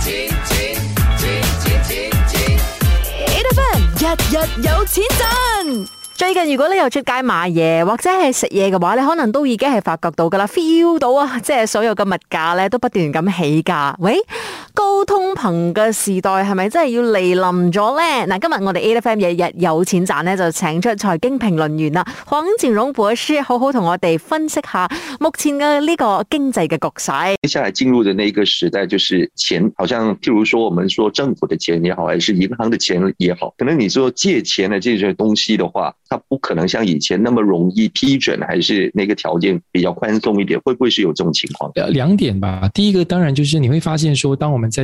錢錢錢錢錢錢 Eighty fan，日日有錢賺。最近如果你又出街買嘢或者係食嘢嘅話，你可能都已經係發覺到噶啦，feel 到啊，即係所有嘅物價咧都不斷咁起價。喂！高通膨嘅時代係咪真係要來臨咗呢？嗱，今日我哋 A. F. M. 日日有錢賺呢就請出財經評論員啦，黃錦榮博士，好好同我哋分析下目前嘅呢個經濟嘅局勢。接下來進入嘅呢個時代，就是錢，好像譬如說，我們說政府嘅錢也好，還是銀行嘅錢也好，可能你說借錢嘅呢些東西嘅話，它不可能像以前那麼容易批准，還是那個條件比較寬鬆一點，會不會是有這種情況？兩點吧，第一個當然就是你會發現，說當我們在